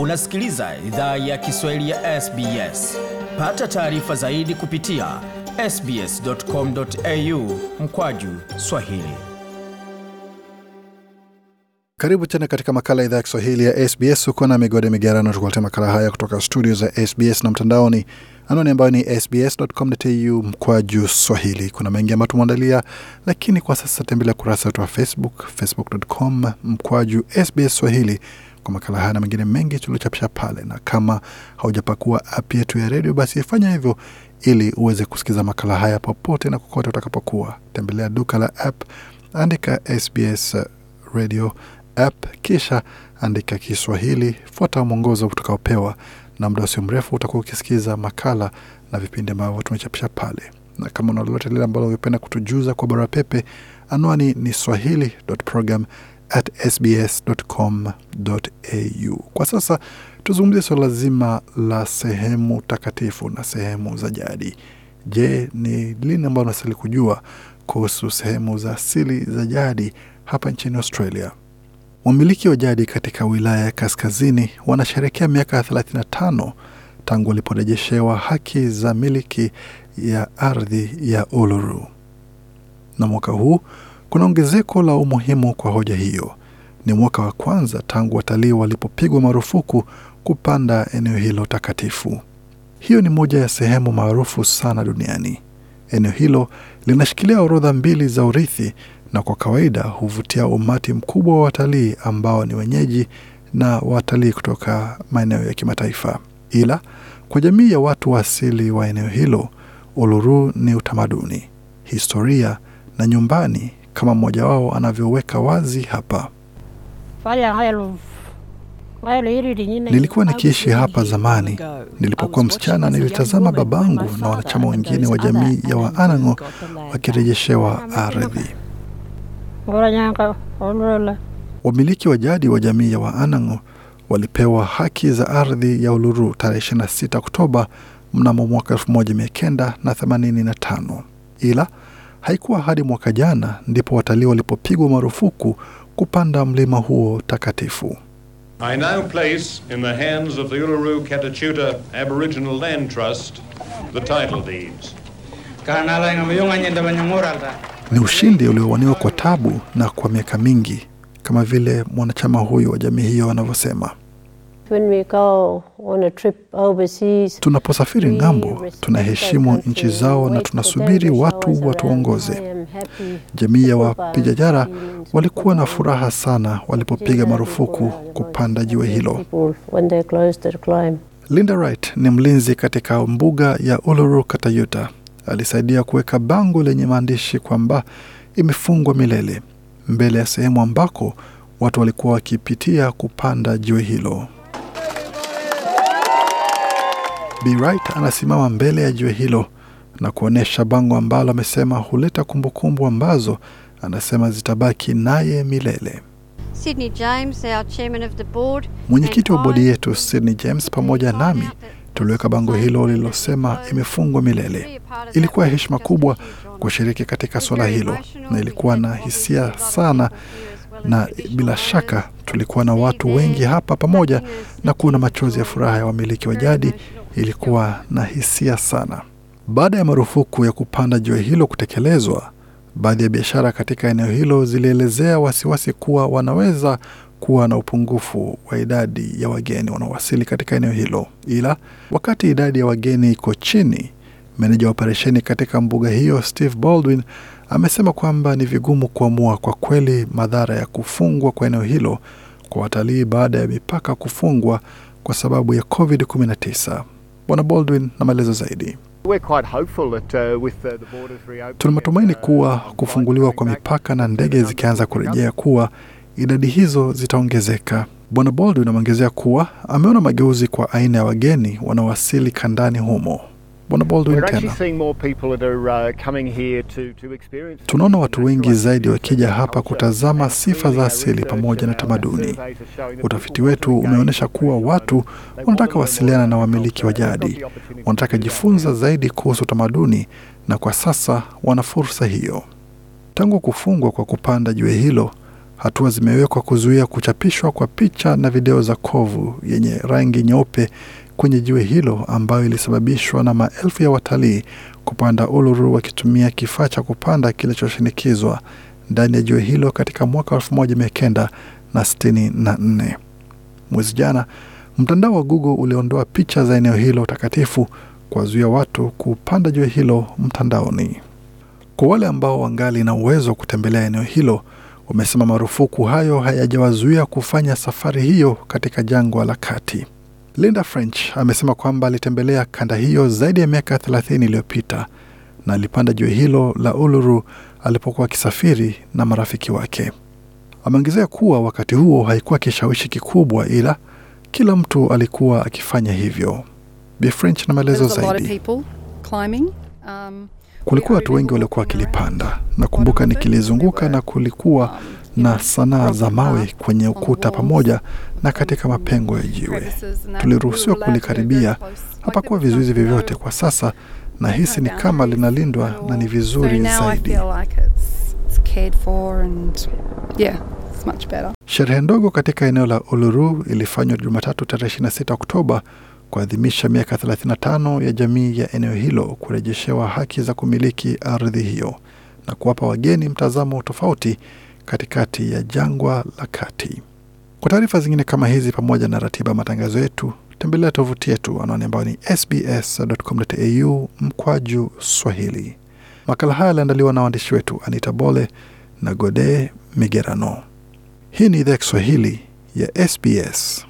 Unasikiliza idhaa ya Kiswahili ya SBS. Pata taarifa zaidi kupitia sbs.com.au mkwaju swahili. Karibu tena katika makala idhaa ya Kiswahili ya SBS. huko na Migode Migerano tukuletea makala haya kutoka studio za SBS na mtandaoni, anaoni ambayo ni sbs.com.au juu swahili. Kuna mengi ambayo tumeandalia, lakini kwa sasa tembelea kurasa wetu wa Facebook, facebook.com juu SBS swahili kwa makala haya na mengine mengi tuliochapisha pale, na kama haujapakua app yetu ya redio, basi fanya hivyo ili uweze kusikiza makala haya popote na kokote utakapokuwa. Tembelea duka la app, andika SBS radio app, kisha andika Kiswahili, fuata mwongozo utakaopewa, na muda usio mrefu utakuwa ukisikiza makala na vipindi ambavyo tumechapisha pale. Na kama una lolote lile ambalo ungependa kutujuza kwa barua pepe, anwani ni swahili at sbs.com.au. Kwa sasa tuzungumzie swala zima la sehemu takatifu na sehemu za jadi. Je, ni lini ambayo unastahili kujua kuhusu sehemu za asili za jadi hapa nchini Australia? Wamiliki wa jadi katika wilaya ya kaskazini wanasherekea miaka 35 tangu waliporejeshewa haki za miliki ya ardhi ya Uluru, na mwaka huu kuna ongezeko la umuhimu kwa hoja hiyo. Ni mwaka wa kwanza tangu watalii walipopigwa marufuku kupanda eneo hilo takatifu. Hiyo ni moja ya sehemu maarufu sana duniani. Eneo hilo linashikilia orodha mbili za urithi na kwa kawaida huvutia umati mkubwa wa watalii ambao ni wenyeji na watalii kutoka maeneo ya kimataifa. Ila kwa jamii ya watu wa asili wa eneo hilo, Uluru ni utamaduni, historia na nyumbani kama mmoja wao anavyoweka wazi hapa. Nilikuwa nikiishi hapa zamani. Nilipokuwa msichana, nilitazama babangu na wanachama wengine wa jamii ya Waanang'o wakirejeshewa ardhi. Wamiliki wa jadi wa jamii ya Waanang'o walipewa haki za ardhi ya Uluru tarehe 26 Oktoba mnamo mwaka 1985 ila Haikuwa hadi mwaka jana ndipo watalii walipopigwa marufuku kupanda mlima huo takatifu. I now place in the hands of the Uluru Katachuta Aboriginal Land Trust the title deeds. Ni ushindi uliowaniwa kwa tabu na kwa miaka mingi, kama vile mwanachama huyu wa jamii hiyo anavyosema. When we go Tunaposafiri ng'ambo, tunaheshimu nchi zao na tunasubiri watu watuongoze. Jamii ya wapiga jara walikuwa na furaha sana walipopiga marufuku kupanda jiwe hilo. Linda Wright ni mlinzi katika mbuga ya Uluru Katayuta. Alisaidia kuweka bango lenye maandishi kwamba imefungwa milele mbele ya sehemu ambako watu walikuwa wakipitia kupanda jiwe hilo. Be anasimama mbele ya jiwe hilo na kuonyesha bango ambalo amesema huleta kumbukumbu ambazo anasema zitabaki naye milele. Mwenyekiti wa bodi yetu Sydney James pamoja nami tuliweka bango hilo lililosema imefungwa milele. Ilikuwa heshima kubwa kushiriki katika suala hilo, na ilikuwa na hisia sana, na bila shaka tulikuwa na watu wengi hapa pamoja na kuona machozi ya furaha ya wamiliki wa jadi ilikuwa na hisia sana. Baada ya marufuku ya kupanda jiwe hilo kutekelezwa, baadhi ya biashara katika eneo hilo zilielezea wasiwasi kuwa wanaweza kuwa na upungufu wa idadi ya wageni wanaowasili katika eneo hilo. Ila wakati idadi ya wageni iko chini, meneja wa operesheni katika mbuga hiyo Steve Baldwin amesema kwamba ni vigumu kuamua kwa kweli madhara ya kufungwa kwa eneo hilo kwa watalii baada ya mipaka kufungwa kwa sababu ya COVID-19. Bwana Baldwin na maelezo zaidi. Uh, uh, Tuna matumaini uh, kuwa kufunguliwa kwa mipaka na ndege zikianza kurejea kuwa idadi hizo zitaongezeka. Bwana Baldwin ameongezea kuwa ameona mageuzi kwa aina ya wageni wanaowasili kandani humo. Bwana Baldwin tena. Uh, Tunaona watu wengi zaidi wakija hapa kutazama sifa za asili pamoja na tamaduni. Utafiti wetu umeonyesha kuwa watu wanataka wasiliana na wamiliki wa jadi, wanataka jifunza zaidi kuhusu tamaduni, na kwa sasa wana fursa hiyo. Tangu kufungwa kwa kupanda jiwe hilo, hatua zimewekwa kuzuia kuchapishwa kwa picha na video za kovu yenye rangi nyeupe kwenye jiwe hilo ambayo ilisababishwa na maelfu ya watalii kupanda Uluru wakitumia kifaa cha kupanda kilichoshinikizwa ndani ya jiwe hilo katika mwaka 1964. Mwezi jana mtandao wa Google uliondoa picha za eneo hilo takatifu kuwazuia watu kupanda jiwe hilo mtandaoni. Kwa wale ambao wangali na uwezo wa kutembelea eneo hilo, wamesema marufuku hayo hayajawazuia kufanya safari hiyo katika jangwa la kati. Linda French amesema kwamba alitembelea kanda hiyo zaidi ya miaka 30 iliyopita na alipanda jua hilo la Uluru alipokuwa akisafiri na marafiki wake. Ameongezea kuwa wakati huo haikuwa kishawishi kikubwa, ila kila mtu alikuwa akifanya hivyo. Bi French na maelezo zaidi. Kulikuwa watu wengi waliokuwa wakilipanda. Nakumbuka nikilizunguka na kulikuwa na sanaa za mawe kwenye ukuta pamoja na katika mapengo ya jiwe. Tuliruhusiwa kulikaribia, hapakuwa vizuizi vyovyote. Kwa sasa nahisi ni kama linalindwa na ni vizuri zaidi. Sherehe ndogo katika eneo la Uluru ilifanywa Jumatatu tarehe 26 Oktoba kuadhimisha miaka 35 ya jamii ya eneo hilo kurejeshewa haki za kumiliki ardhi hiyo na kuwapa wageni mtazamo tofauti katikati ya jangwa la kati. Kwa taarifa zingine kama hizi pamoja na ratiba matangazo yetu, tembelea tovuti yetu anaoni ambayo ni sbs.com.au mkwaju Swahili. Makala haya yaliandaliwa na waandishi wetu Anita Bole na Gode Migerano. Hii ni idhaa ya Kiswahili ya SBS.